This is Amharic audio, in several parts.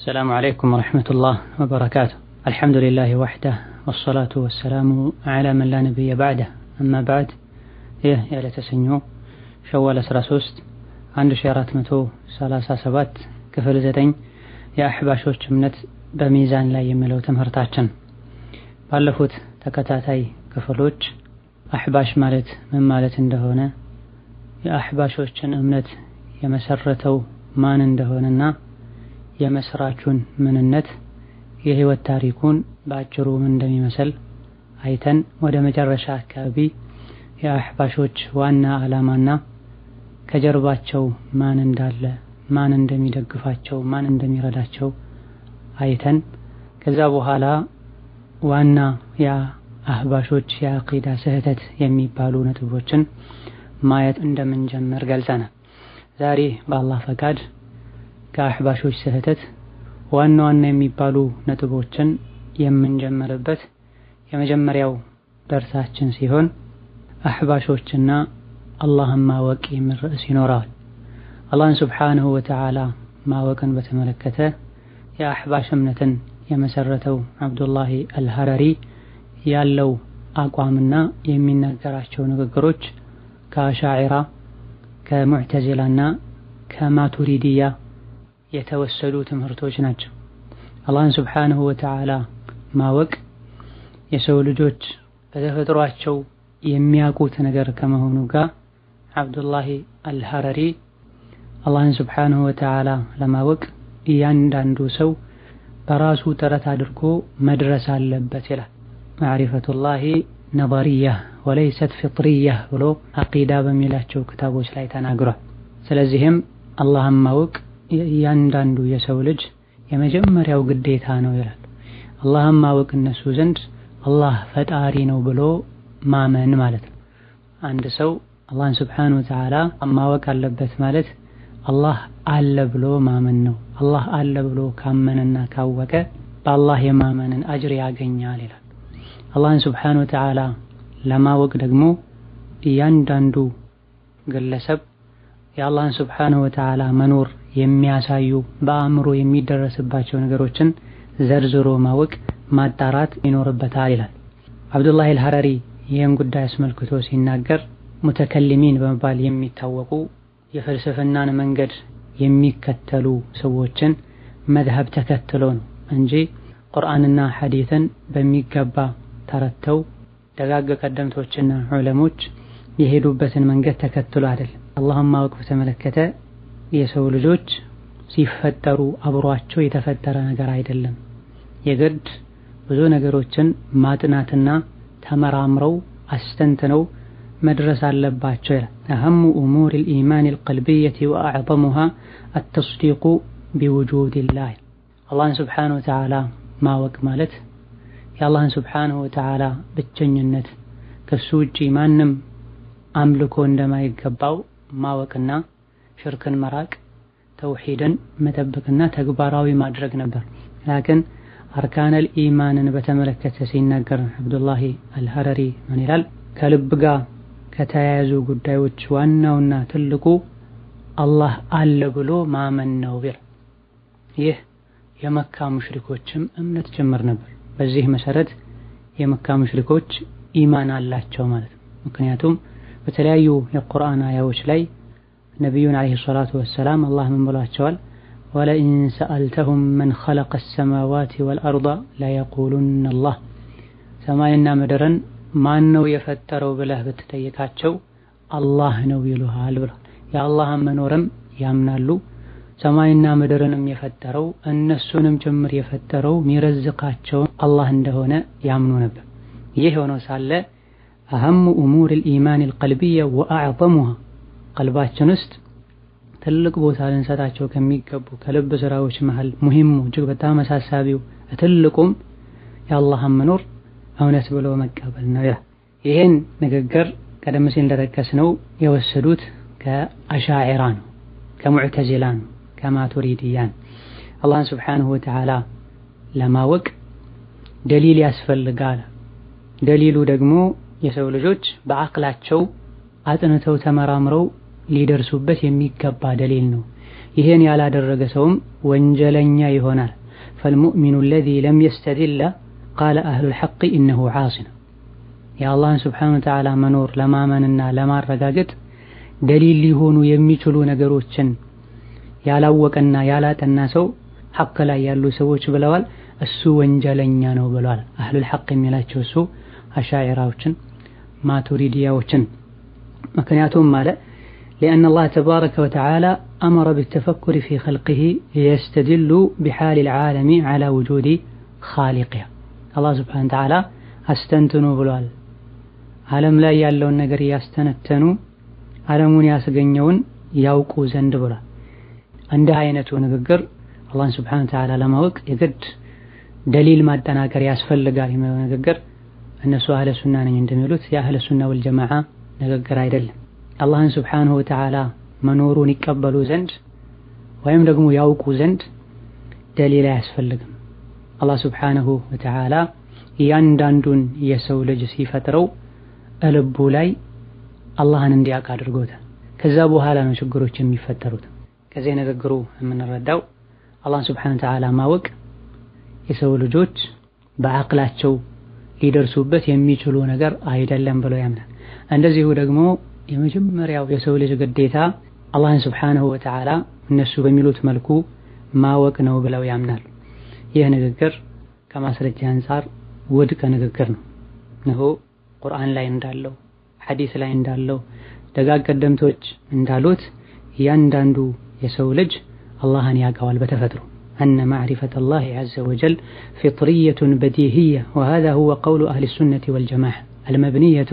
السلام عليكم ورحمة الله وبركاته الحمد لله وحده والصلاة والسلام على من لا نبي بعده أما بعد إيه يا لتسنيو شوال سرسوست عند شيرات متو سلاسة سبات كفل زدين يا أحبا شوش جمنت بميزان لا يملو تمرتاتشن بلفوت تكتاتي كفلوش أحباش مالت من مالت اندهونا يا أحباش أحبا شوش جمنت يمسرتو مان اندهوننا የመስራቹን ምንነት የህይወት ታሪኩን በአጭሩ ምን እንደሚመስል አይተን ወደ መጨረሻ አካባቢ የአህባሾች ዋና ዓላማና ከጀርባቸው ማን እንዳለ ማን እንደሚደግፋቸው ማን እንደሚረዳቸው አይተን ከዛ በኋላ ዋና የአህባሾች የአቂዳ ስህተት የሚባሉ ነጥቦችን ማየት እንደምንጀምር ገልጸናል። ዛሬ በአላህ ፈቃድ ከአሕባሾች ስህተት ዋና ዋና የሚባሉ ነጥቦችን የምንጀምርበት የመጀመሪያው ደርሳችን ሲሆን አሕባሾችና አላህን ማወቅ የሚል ርዕስ ይኖረዋል። አላህን ስብሓንሁ ወተዓላ ማወቅን በተመለከተ የአሕባሽ እምነትን የመሰረተው አብዱላሂ አልሀረሪ ያለው አቋምና የሚናገራቸው ንግግሮች ከአሻዒራ ከሙዕተዚላና ከማቱሪዲያ የተወሰዱ ትምህርቶች ናቸው። አላህን ስብሓንሁ ወተዓላ ማወቅ የሰው ልጆች በተፈጥሯቸው የሚያውቁት ነገር ከመሆኑ ጋር አብዱላሂ አልሐረሪ አላህን ስብሓንሁ ወተዓላ ለማወቅ እያንዳንዱ ሰው በራሱ ጥረት አድርጎ መድረስ አለበት ይላል። ማዕሪፈቱላሂ ነظርያ ወለይሰት ፍጥርያ ብሎ አቂዳ በሚላቸው ክታቦች ላይ ተናግሯል። ስለዚህም አላህን ማወቅ እያንዳንዱ የሰው ልጅ የመጀመሪያው ግዴታ ነው ይላል። አላህን ማወቅ እነሱ ዘንድ አላህ ፈጣሪ ነው ብሎ ማመን ማለት ነው። አንድ ሰው አላህን ስብሓነሁ ወተዓላ ማወቅ አለበት ማለት አላህ አለ ብሎ ማመን ነው። አላህ አለ ብሎ ካመነና ካወቀ በአላህ የማመንን አጅር ያገኛል ይላል። አላህን ስብሓነሁ ወተዓላ ለማወቅ ደግሞ እያንዳንዱ ግለሰብ የአላህን ስብሓነሁ ወተዓላ መኖር የሚያሳዩ በአእምሮ የሚደረስባቸው ነገሮችን ዘርዝሮ ማወቅ ማጣራት ይኖርበታል ይላል። አብዱላህ አልሐረሪ ይህን ጉዳይ አስመልክቶ ሲናገር ሙተከሊሚን በመባል የሚታወቁ የፍልስፍናን መንገድ የሚከተሉ ሰዎችን መዝሀብ ተከትሎ ነው እንጂ ቁርአንና ሐዲትን በሚገባ ተረተው ደጋግ ቀደምቶችና ዑለሞች የሄዱበትን መንገድ ተከትሎ አይደለም። አላህን ማወቅ በተመለከተ የሰው ልጆች ሲፈጠሩ አብሯቸው የተፈጠረ ነገር አይደለም። የግድ ብዙ ነገሮችን ማጥናትና ተመራምረው አስተንትነው መድረስ አለባቸው ይላል። አሀሙ ኡሙር ልኢማን ልቀልብየት ወአዕظሙሃ አተስዲቁ ቢውጁድ ላህ አላህን ስብሓነ ወተዓላ ማወቅ ማለት የአላህን ስብሓነ ወተዓላ ብቸኝነት ከሱ ውጪ ማንም አምልኮ እንደማይገባው ማወቅና ሽርክን መራቅ ተውሂድን መጠበቅና ተግባራዊ ማድረግ ነበር። ላኪን አርካነል ኢማንን በተመለከተ ሲናገር አብዱላሂ አልሐረሪ ምን ይላል? ከልብ ጋር ከተያያዙ ጉዳዮች ዋናውና ትልቁ አላህ አለ ብሎ ማመን ነው ቢል ይህ የመካ ሙሽሪኮችም እምነት ጭምር ነበር። በዚህ መሰረት የመካ ሙሽሪኮች ኢማን አላቸው ማለት ነው። ምክንያቱም በተለያዩ የቁርአን አያዎች ላይ ነቢዩን አለይሂ ሰላቱ ወሰላም አላህ ምን ብሏቸዋል? ወለኢን ሰአልተሁም መን ኸለቀ ሰማዋት ወልአርዳ ለየቁሉነ አላህ ሰማይና ምድርን ማን ነው የፈጠረው ብለህ ብትጠይቃቸው አላህ ነው ይሉሃል ብሏል። የአላህን መኖርም ያምናሉ። ሰማይና ምድርንም የፈጠረው እነሱንም ጭምር የፈጠረው የሚረዝቃቸው አላህ እንደሆነ ያምኑ ነበር። ይህ ሆኖ ሳለ أهم أمور الإيمان القلبية وأعظمها قلبات شنست تلق بو سالن ساتا شو كمي كبو كلب سراوش محل مهم جو بتام ساسابيو أتلقم يا الله هم نور أو نسبلو مكابل نويلة يهين نقر قدم سين لركسنو يوسدوت كأشاعران كمعتزلان كما تريديان الله سبحانه وتعالى لما وك دليل يسفل قال دليل دقمو የሰው ልጆች በአቅላቸው አጥንተው ተመራምረው ሊደርሱበት የሚገባ ደሊል ነው። ይህን ያላደረገ ሰውም ወንጀለኛ ይሆናል። ፈልሙእሚኑ አለዚ ለም የስተዲላ ቃለ አህሉል ሐቂ እነሁ ዓሲን። የአላህን ስብሓነ ወተዓላ መኖር ለማመንና ለማረጋገጥ ደሊል ሊሆኑ የሚችሉ ነገሮችን ያላወቀና ያላጠና ሰው ሐቅ ላይ ያሉ ሰዎች ብለዋል፣ እሱ ወንጀለኛ ነው ብለዋል። አህሉል ሐቅ የሚላቸው እሱ አሻዕራዎችን ማቱሪዲያዎችን ምክንያቱም مالا لأن الله تبارك وتعالى أمر بالتفكر في خلقه ليستدلوا بحال العالم على وجود خالقه الله سبحانه وتعالى أستنتنوا بلوال عالم لا يالون نقر يستنتنوا عالمون ياسقنيون يوقوا زند بلا عند عينة نقر الله سبحانه وتعالى لما وقت يقد دليل ما تناكر ياسفل قال نقر እነሱ አህለ ሱና ነኝ እንደሚሉት የአህለ ሱና ወልጀማዓ ንግግር አይደለም። አላህን ስብሓንሁ ወተዓላ መኖሩን ይቀበሉ ዘንድ ወይም ደግሞ ያውቁ ዘንድ ደሊል አያስፈልግም። አላህ ስብሓንሁ ወተዓላ እያንዳንዱን የሰው ልጅ ሲፈጥረው እልቡ ላይ አላህን እንዲያውቅ አድርጎታል። ከዛ በኋላ ነው ችግሮች የሚፈጠሩት። ከዚህ ንግግሩ የምንረዳው አላህን ስብሓነሁ ወተዓላ ማወቅ የሰው ልጆች በአቅላቸው ሊደርሱበት የሚችሉ ነገር አይደለም ብለው ያምናል። እንደዚሁ ደግሞ የመጀመሪያው የሰው ልጅ ግዴታ አላህን ስብሓነሁ ወተዓላ እነሱ በሚሉት መልኩ ማወቅ ነው ብለው ያምናል። ይህ ንግግር ከማስረጃ አንጻር ውድቅ ንግግር ነው። እነሆ ቁርአን ላይ እንዳለው ሐዲስ ላይ እንዳለው ደጋግ ቀደምቶች እንዳሉት እያንዳንዱ የሰው ልጅ አላህን ያውቀዋል በተፈጥሮ أن معرفة الله عز وجل فطرية بديهية وهذا هو قول أهل السنة والجماعة المبنية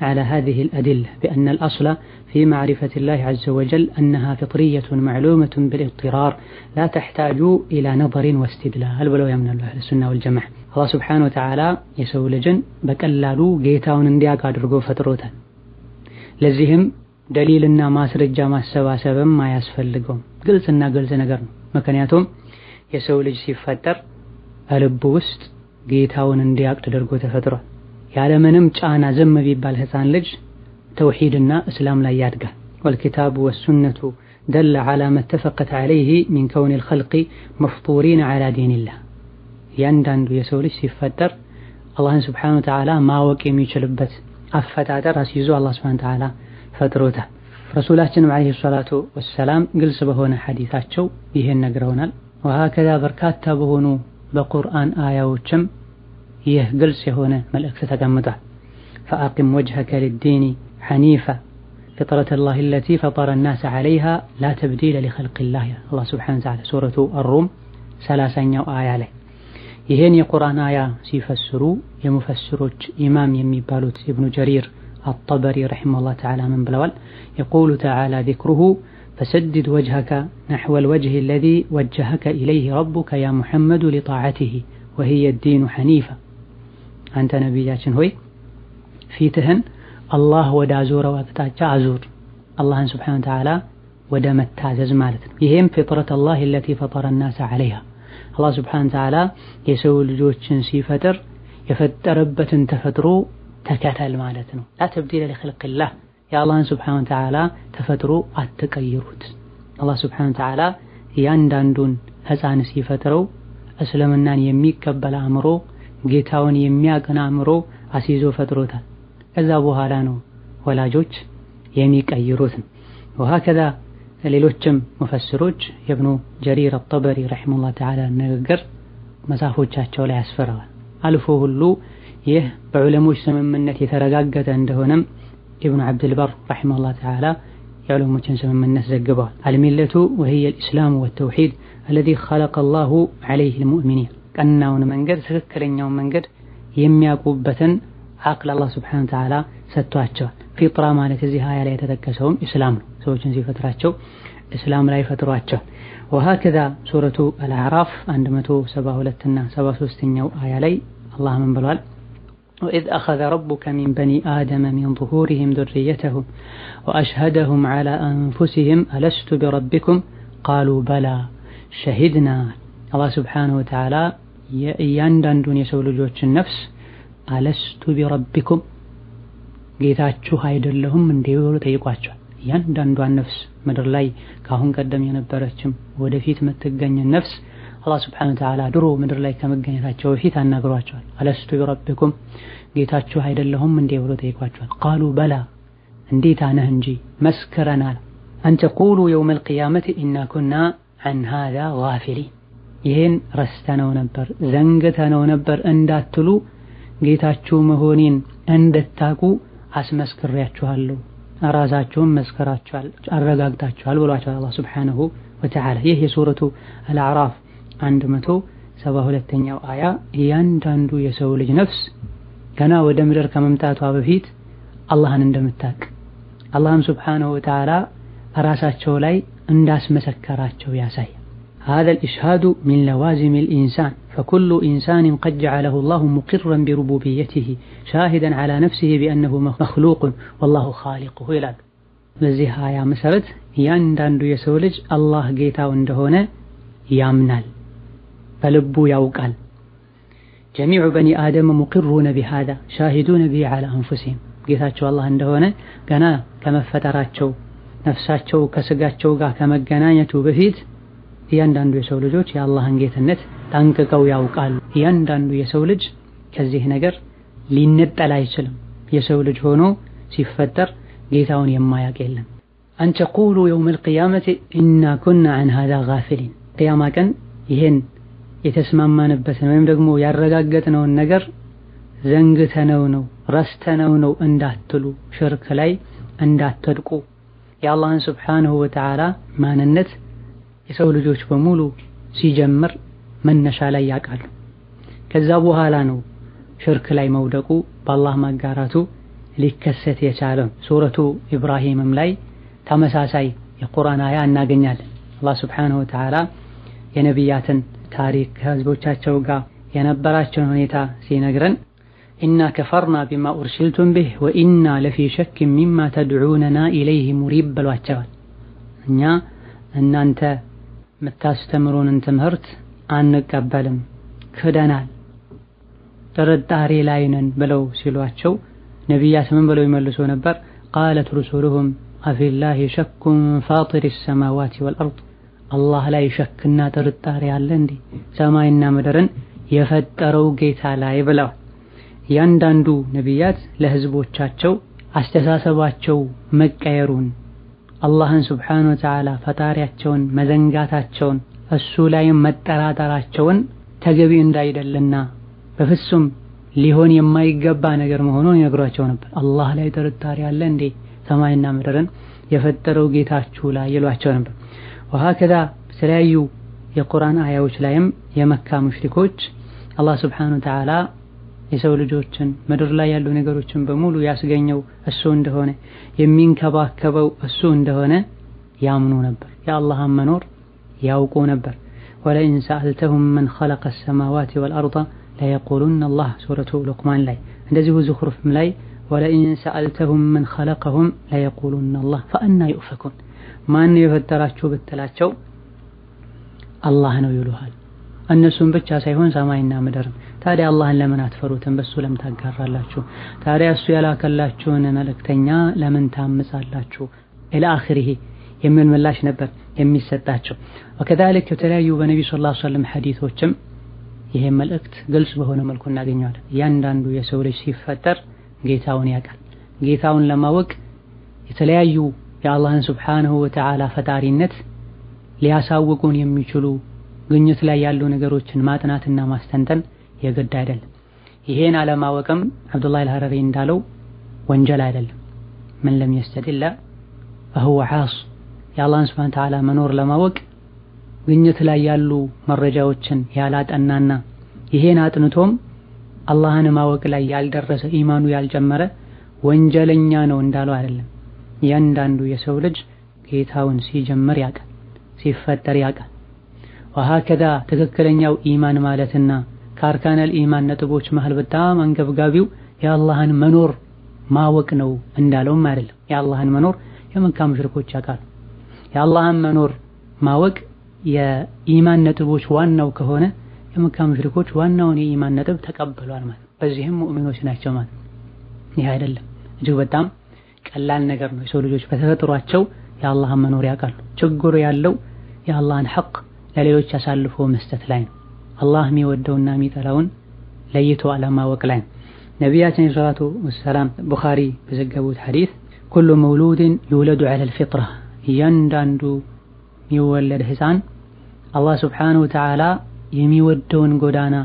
على هذه الأدلة بأن الأصل في معرفة الله عز وجل أنها فطرية معلومة بالاضطرار لا تحتاج إلى نظر واستدلال ولو من أهل السنة والجماعة الله سبحانه وتعالى የሰው ልጅን لزهم ጌታውን እንዲያውቅ አድርጎ ما سوا ደሊልና ما يسفل አያስፈልገውም قلت ግልጽ ነገር قرن مكانياتهم የሰው ልጅ ሲፈጠር በልቡ ውስጥ ጌታውን እንዲያውቅ ተደርጎ ተፈጥሯል። ያለምንም ጫና ዝም ቢባል ህፃን ልጅ ተውሂድና እስላም ላይ ያድጋል። ወልኪታቡ ወሱነቱ ደለ ዓላ መተፈቀት ዓለይህ ሚን ከውን ልኸልቂ መፍጡሪን ዓላ ዲንላህ። እያንዳንዱ የሰው ልጅ ሲፈጠር አላህን ስብሓነ ወተዓላ ማወቅ የሚችልበት አፈጣጠር አስይዞ አላህ ስብሓነ ወተዓላ ፈጥሮታል። ረሱላችንም ዓለይሂ ሰላቱ ወሰላም ግልጽ በሆነ ሐዲታቸው ይህን ነግረውናል። وهكذا በርካታ بقرآن آية وشم ይህ ግልጽ የሆነ መልእክት ተቀምጧል فأقم وجهك للدين حنيفا فطرة الله التي فطر الناس عليها لا تبديل لخلق الله الله سبحانه وتعالى سورة الروم ሰላሳኛው عليه ላይ قرآن آية سيفسرو ሲፈስሩ إمام يمي بالوت ابن جرير الطبري رحمه الله تعالى من بلوال يقول تعالى ذكره فسدد وجهك نحو الوجه الذي وجهك إليه ربك يا محمد لطاعته وهي الدين حنيفة أنت نبي جاشن هوي في تهن الله ودا زور وقتاج أزور الله سبحانه وتعالى ودا متازز مالتنا يهم فطرة الله التي فطر الناس عليها الله سبحانه وتعالى يسوي الجوشن سي فتر يفتر ربة تفتروا تكاتل مالتنا لا تبديل لخلق الله የአላህን ስብሓን ተዓላ ተፈጥሮ አትቀይሩት። አላህ ስብሓን ተዓላ እያንዳንዱን ህፃን ሲፈጥረው እስልምናን የሚቀበል አእምሮ፣ ጌታውን የሚያቀን አእምሮ አስይዞ ፈጥሮታል። ከዛ በኋላ ነው ወላጆች የሚቀይሩት ነው። ወሀከዛ ሌሎችም ሙፈስሮች የብኑ ጀሪር አጠበሪ ረሒመሁላህ ተዓላ ንግግር መጽሐፎቻቸው ላይ ያስፈረዋል። አልፎ ሁሉ ይህ በዑለሞች ስምምነት የተረጋገጠ እንደሆነም ابن عبد البر رحمه الله تعالى يعلم ما تنسى من الناس قبل الملة وهي الإسلام والتوحيد الذي خلق الله عليه المؤمنين أنه من قد تذكر يوم من قد يم يميقوبة عقل الله سبحانه وتعالى ستواتشا في طرامة لتزيها لا يتذكسهم إسلام سوى جنزي فتراتشا إسلام لا يفتراتشا وهكذا سورة الأعراف عندما سبا هلتنا سبا سوستنيو آيالي الله من بلوال وإذ أخذ ربك من بني آدم من ظهورهم ذريتهم وأشهدهم على أنفسهم ألست بربكم قالوا بلى شهدنا الله سبحانه وتعالى يأيان دون يسول النفس ألست بربكم قيثاتشو هايد لهم من ديولو تيقواتشو يان دان دوان نفس مدر لاي كاهن قدم ينبرتشم ودفيت متقن النفس አላህ ስብሐነ ወተዓላ ድሮ ምድር ላይ ከመገኘታቸው በፊት አናግሯቸዋል። አለስቱ ቢረቢኩም ጌታችሁ አይደለሁም እንዴ ብሎ ጠይቋቸዋል። ቃሉ በላ እንዴታ ነህ እንጂ መስክረናል። አንተቁሉ የውመል ቂያመት ኢና ኩና አን ሃዛ ጋፊሊን ይህን ረስተነው ነበር ዘንግተነው ነበር እንዳትሉ ጌታችሁ መሆኔን እንድታቁ አስመስክሬያችኋለሁ ራሳችሁን መስከራችኋል አረጋግታችኋል ብሏቸዋል አላህ ስብሐነሁ ወተዓላ ይህ የሱረቱ አልአዕራፍ አንድ መቶ ሰባ ሁለተኛው አያ እያንዳንዱ የሰው ልጅ ነፍስ ገና ወደ ምድር ከመምጣቷ በፊት አላህን እንደምታቅ አላህም ስብሓነሁ ወተዓላ ራሳቸው ላይ እንዳስመሰከራቸው ያሳይ هذا الإشهاد من لوازم الإنسان فكل إنسان قد جعله الله مقرا بربوبيته شاهدا على نفسه بأنه مخلوق والله خالقه إلى በዚህ አያ መሰረት እያንዳንዱ የሰው ልጅ አላህ ጌታው እንደሆነ ያምናል በልቡ ያውቃል። ጀሚዑ በኒ አደም ሙቅሩነ ቢሃዛ ሻሂዱነ ቢሂ ዓላ አንፉሲሂም ጌታቸው አላህ እንደሆነ ገና ከመፈጠራቸው ነፍሳቸው ከስጋቸው ጋር ከመገናኘቱ በፊት እያንዳንዱ የሰው ልጆች የአላህን ጌትነት ጠንቅቀው ያውቃሉ። እያንዳንዱ የሰው ልጅ ከዚህ ነገር ሊነጠል አይችልም። የሰው ልጅ ሆኖ ሲፈጠር ጌታውን የማያውቅ የለም። አንተቁሉ የውመል ቂያመቲ ኢና ኩና አን ሃዛ ጋፊሊን ቅያማ ቀን ይሄን የተስማማንበትን ወይም ደግሞ ያረጋገጥነውን ነገር ዘንግተነው ነው ረስተነው ነው እንዳትሉ፣ ሽርክ ላይ እንዳትወድቁ። የአላህን ስብሓንሁ ወተዓላ ማንነት የሰው ልጆች በሙሉ ሲጀምር መነሻ ላይ ያውቃሉ። ከዛ በኋላ ነው ሽርክ ላይ መውደቁ በአላህ ማጋራቱ ሊከሰት የቻለው። ሱረቱ ኢብራሂምም ላይ ተመሳሳይ የቁርአን አያ እናገኛለን። አላህ ስብሓንሁ ወተዓላ የነቢያትን ታሪክ ከህዝቦቻቸው ጋር የነበራቸውን ሁኔታ ሲነግረን ኢና ከፈርና ቢማ ኡርሲልቱም ቢህ ወኢና ለፊ ሸክ ሚማ ተድዑነና ኢለይህ ሙሪብ ብሏቸዋል። እኛ እናንተ የምታስተምሩንን ትምህርት አንቀበልም፣ ክደናል፣ ጥርጣሬ ላይ ነን ብለው ሲሏቸው ነቢያት ምን ብለው ይመልሱ ነበር? ቃለት ሩሱሉሁም አፊላሂ ሸኩን ፋጢሪ ሰማዋት ወልአርድ አላህ ላይ ሸክና ጥርጣሬ አለ እንዴ? ሰማይና ምድርን የፈጠረው ጌታ ላይ ብለው እያንዳንዱ ነቢያት ለህዝቦቻቸው አስተሳሰባቸው መቀየሩን አላህን ስብሓነ ወተዓላ ፈጣሪያቸውን መዘንጋታቸውን እሱ ላይ መጠራጠራቸውን ተገቢ እንዳይደልና በፍጹም ሊሆን የማይገባ ነገር መሆኑን ይነግሯቸው ነበር። አላህ ላይ ጥርጣሬ አለ እንዴ? ሰማይና ምድርን የፈጠረው ጌታችሁ ላይ ይሏቸው ነበር። ወሀከዛ በተለያዩ የቁርአን አያዎች ላይም የመካ ሙሽሪኮች አላህ ስብሓነሁ ወተዓላ የሰው ልጆችን ምድር ላይ ያሉ ነገሮችን በሙሉ ያስገኘው እሱ እንደሆነ የሚንከባከበው እሱ እንደሆነ ያምኑ ነበር። የአላህን መኖር ያውቁ ነበር። ወለኢን ሰአልተሁም መን ኸለቀ ሰማዋት ወልአርዳ ለየቁሉን አላህ ሱረቱ ሉቅማን ላይ እንደዚሁ ዙኽሩፍም ላይ ወለኢን ሰአልተሁም መን ኸለቀሁም ለየቁሉን አላህ ፈአና ዩእፈኩን ማን የፈጠራችሁ ብትላቸው አላህ ነው ይሉሃል። እነሱም ብቻ ሳይሆን ሰማይና ምድርም። ታዲያ አላህን ለምን አትፈሩትም? በሱ ለምን ታጋራላችሁ? ታዲያ እሱ ያላከላችሁን መልእክተኛ ለምን ታምጻላችሁ? ኢላ አኺሪሂ የሚል ምላሽ ነበር የሚሰጣቸው። ወከዛሊክ የተለያዩ በነቢ ሰለላሁ ዐለይሂ ወሰለም ሐዲሶችም ይሄ መልእክት ግልጽ በሆነ መልኩ እናገኘዋለን። እያንዳንዱ የሰው ልጅ ሲፈጠር ጌታውን ያውቃል። ጌታውን ለማወቅ የተለያዩ የአላህን ስብሓንሁ ወተዓላ ፈጣሪነት ሊያሳውቁን የሚችሉ ግኝት ላይ ያሉ ነገሮችን ማጥናትና ማስተንተን የግድ አይደለም። ይሄን አለማወቅም አብዱላህ አልሀረሪ እንዳለው ወንጀል አይደለም። ምን ለም የስተድላ ፈሁወ ዓስ የአላህን ስብሓነ ተዓላ መኖር ለማወቅ ግኝት ላይ ያሉ መረጃዎችን ያላጠናና ይሄን አጥንቶም አላህን ማወቅ ላይ ያልደረሰ ኢማኑ ያልጨመረ ወንጀለኛ ነው እንዳለው አይደለም። እያንዳንዱ የሰው ልጅ ጌታውን ሲጀምር ያውቃል፣ ሲፈጠር ያውቃል። ወሀከዛ ትክክለኛው ኢማን ማለትና ከአርካነል ኢማን ነጥቦች መሃል በጣም አንገብጋቢው የአላህን መኖር ማወቅ ነው እንዳለውም አይደለም። የአላህን መኖር የመካ ሙሽሪኮች ያውቃሉ። የአላህን መኖር ማወቅ የኢማን ነጥቦች ዋናው ከሆነ የመካ ሙሽሪኮች ዋናውን የኢማን ነጥብ ተቀብሏል ማለት፣ በዚህም ሙእሚኖች ናቸው ማለት። ይህ አይደለም እጅግ በጣም ቀላል ነገር ነው። የሰው ልጆች በተፈጥሯቸው የአላህን መኖር ያውቃሉ። ችግሩ ያለው የአላህን ሐቅ ለሌሎች አሳልፎ መስጠት ላይ ነው። አላህ የሚወደውና የሚጠላውን ለይቶ አለማወቅ ላይ ነው። ነቢያችን ሰላቱ ወሰላም ቡኻሪ በዘገቡት ሐዲስ ኩሉ መውሉድን ይውለዱ ዐለል ፊጥራ፣ እያንዳንዱ የሚወለድ ህፃን አላህ ስብሓነሁ ወተዓላ የሚወደውን ጎዳና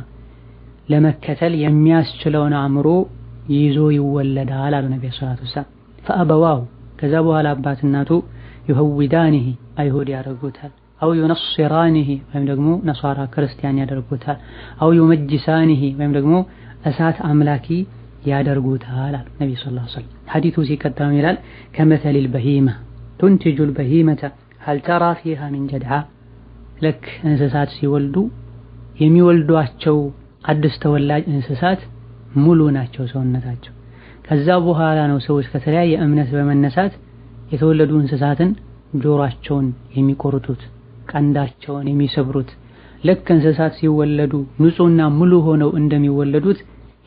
ለመከተል የሚያስችለውን አእምሮ ይዞ ይወለዳል አሉ ነቢ ሰላቱ ወሰላም። ፈአበዋው ከዛ በኋላ አባት እናቱ ይሁዊዳኒሂ አይሁድ ያደርጉታል አው ዩነስራኒሂ ወይም ደግሞ ነሷራ ክርስቲያን ያደርጉታል አው ዩመጅሳኒሂ ወይም ደግሞ እሳት አምላኪ ያደርጉታል አሉ ነቢ ስ ላ ስለም ሐዲቱ ሲቀጥለው ይላል ከመተል ልበሂመ ቱንትጁ ልበሂመተ ሀልተራ ፊሃ ምን ጀድዓ ልክ እንስሳት ሲወልዱ የሚወልዷቸው አዲስ ተወላጅ እንስሳት ሙሉ ናቸው ሰውነታቸው ከዛ በኋላ ነው ሰዎች ከተለያየ እምነት በመነሳት የተወለዱ እንስሳትን ጆሯቸውን የሚቆርጡት፣ ቀንዳቸውን የሚሰብሩት። ልክ እንስሳት ሲወለዱ ንጹህና ሙሉ ሆነው እንደሚወለዱት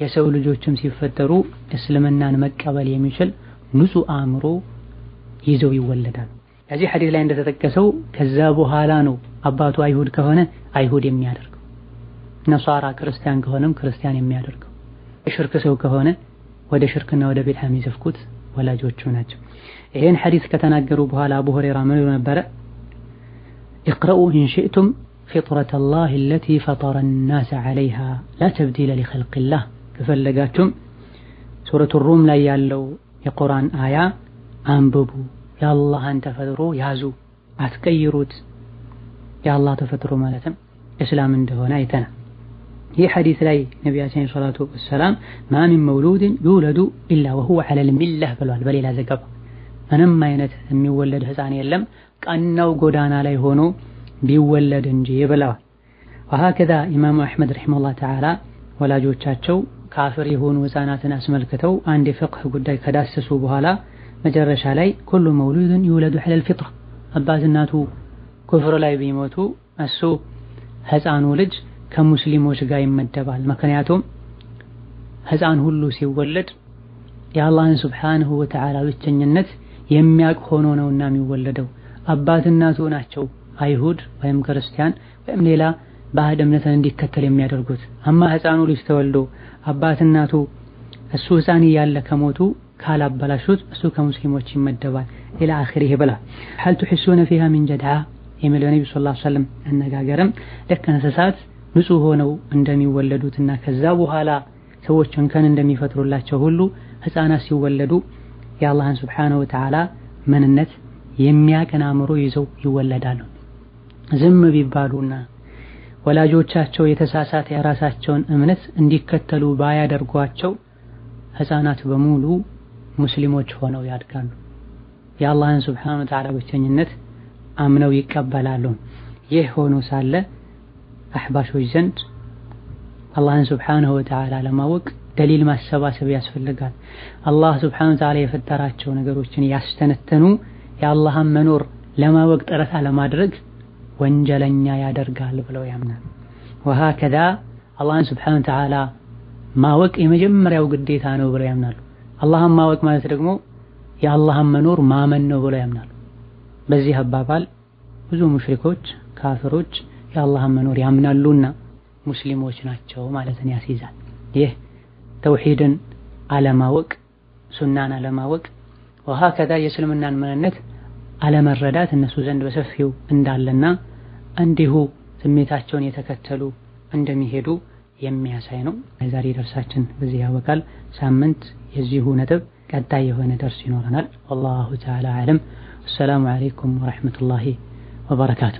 የሰው ልጆችም ሲፈጠሩ እስልምናን መቀበል የሚችል ንጹህ አእምሮ ይዘው ይወለዳል። ከዚህ ሐዲስ ላይ እንደተጠቀሰው ከዛ በኋላ ነው አባቱ አይሁድ ከሆነ አይሁድ የሚያደርገው፣ ነሷራ ክርስቲያን ከሆነም ክርስቲያን የሚያደርገው፣ የሽርክ ሰው ከሆነ ወደ ሽርክና ወደ ቢድዓ የሚዘፍቁት ወላጆቹ ናቸው። ይሄን ሐዲስ ከተናገሩ በኋላ አቡ ሁረይራ ምን ነበረ? اقرأوا إن شئتم فطرة الله التي فطر الناس عليها لا تبديل لخلق الله ከፈለጋችሁም ሱረቱ ሩም ላይ ያለው የቁርአን አያ አንብቡ፣ የአላህን ተፈጥሮ ያዙ፣ አትቀይሩት። የአላህ ተፈጥሮ ማለትም እስላም እንደሆነ አይተናል። هي حديث لاي نبي عليه الصلاة والسلام ما من مولود يولد إلا وهو على الملة ብሏል በሌላ ዘገባ ምንም አይነት የሚወለድ ህፃን የለም ቀናው ጎዳና ላይ ሆኖ ቢወለድ እንጂ ብለዋል وهكذا ኢማሙ አሕመድ ረሒመሁላህ ተዓላ ወላጆቻቸው ካፍር የሆኑ ህፃናትን አስመልክተው አንድ የፍቅህ ጉዳይ ከዳሰሱ በኋላ መጨረሻ ላይ ኩሉ መውሉድን ይውለዱ ሐለል ፊጥራ አባት እናቱ ኩፍር ላይ ቢሞቱ እሱ ህፃኑ ልጅ ከሙስሊሞች ጋር ይመደባል። ምክንያቱም ህፃን ሁሉ ሲወለድ የአላህን ስብሓንሁ ወተዓላ ብቸኝነት የሚያውቅ ሆኖ ነውና የሚወለደው። አባት እናቱ ናቸው አይሁድ ወይም ክርስቲያን ወይም ሌላ ባዕድ እምነትን እንዲከተል የሚያደርጉት። አማ ህፃኑ ልጅ ተወልዶ አባት እናቱ እሱ ህፃን እያለ ከሞቱ ካላበላሹት እሱ ከሙስሊሞች ይመደባል። ኢላ አኺሪህ ብላ ሀል ቱሒሱነ ፊሃ ሚን ጀድዓ የሚለው የነቢዩ ሰለላሁ ዐለይሂ ወሰለም አነጋገርም ልክ እንስሳት ንጹህ ሆነው እንደሚወለዱትና ከዛ በኋላ ሰዎች እንከን እንደሚፈጥሩላቸው ሁሉ ህፃናት ሲወለዱ የአላህን ስብሓነሁ ወተዓላ ምንነት የሚያቀና አእምሮ ይዘው ይወለዳሉ። ዝም ቢባሉና ወላጆቻቸው የተሳሳተ የራሳቸውን እምነት እንዲከተሉ ባያደርጓቸው ህፃናት በሙሉ ሙስሊሞች ሆነው ያድጋሉ። የአላህን ስብሓነሁ ወተዓላ ብቸኝነት አምነው ይቀበላሉ። ይህ ሆኖ ሳለ አሕባሾች ዘንድ አላህን ስብሓንሁ ወተዓላ ለማወቅ ደሊል ማሰባሰብ ያስፈልጋል። አላህ ስብሓንሁ ወተዓላ የፈጠራቸው ነገሮችን ያስተነተኑ የአላህን መኖር ለማወቅ ጥረታ ለማድረግ ወንጀለኛ ያደርጋል ብለው ያምናል። ወሃከዛ አላህን ስብሓንሁ ወተዓላ ማወቅ የመጀመሪያው ግዴታ ነው ብለው ያምናሉ። አላህን ማወቅ ማለት ደግሞ የአላህን መኖር ማመን ነው ብለው ያምናሉ። በዚህ አባባል ብዙ ሙሽሪኮች፣ ካፍሮች የአላህን መኖር ያምናሉና ሙስሊሞች ናቸው ማለትን ያስይዛል። ይህ ተውሂድን አለማወቅ፣ ሱናን አለማወቅ ውሃ ወሀከዛ የእስልምናን ምንነት አለመረዳት እነሱ ዘንድ በሰፊው እንዳለና እንዲሁ ስሜታቸውን የተከተሉ እንደሚሄዱ የሚያሳይ ነው። የዛሬ ደርሳችን በዚህ ያበቃል። ሳምንት የዚሁ ነጥብ ቀጣይ የሆነ ደርስ ይኖረናል። ወላሁ ተዓላ አለም። አሰላሙ ዓለይኩም ወረሕመቱላሂ ወበረካቱ።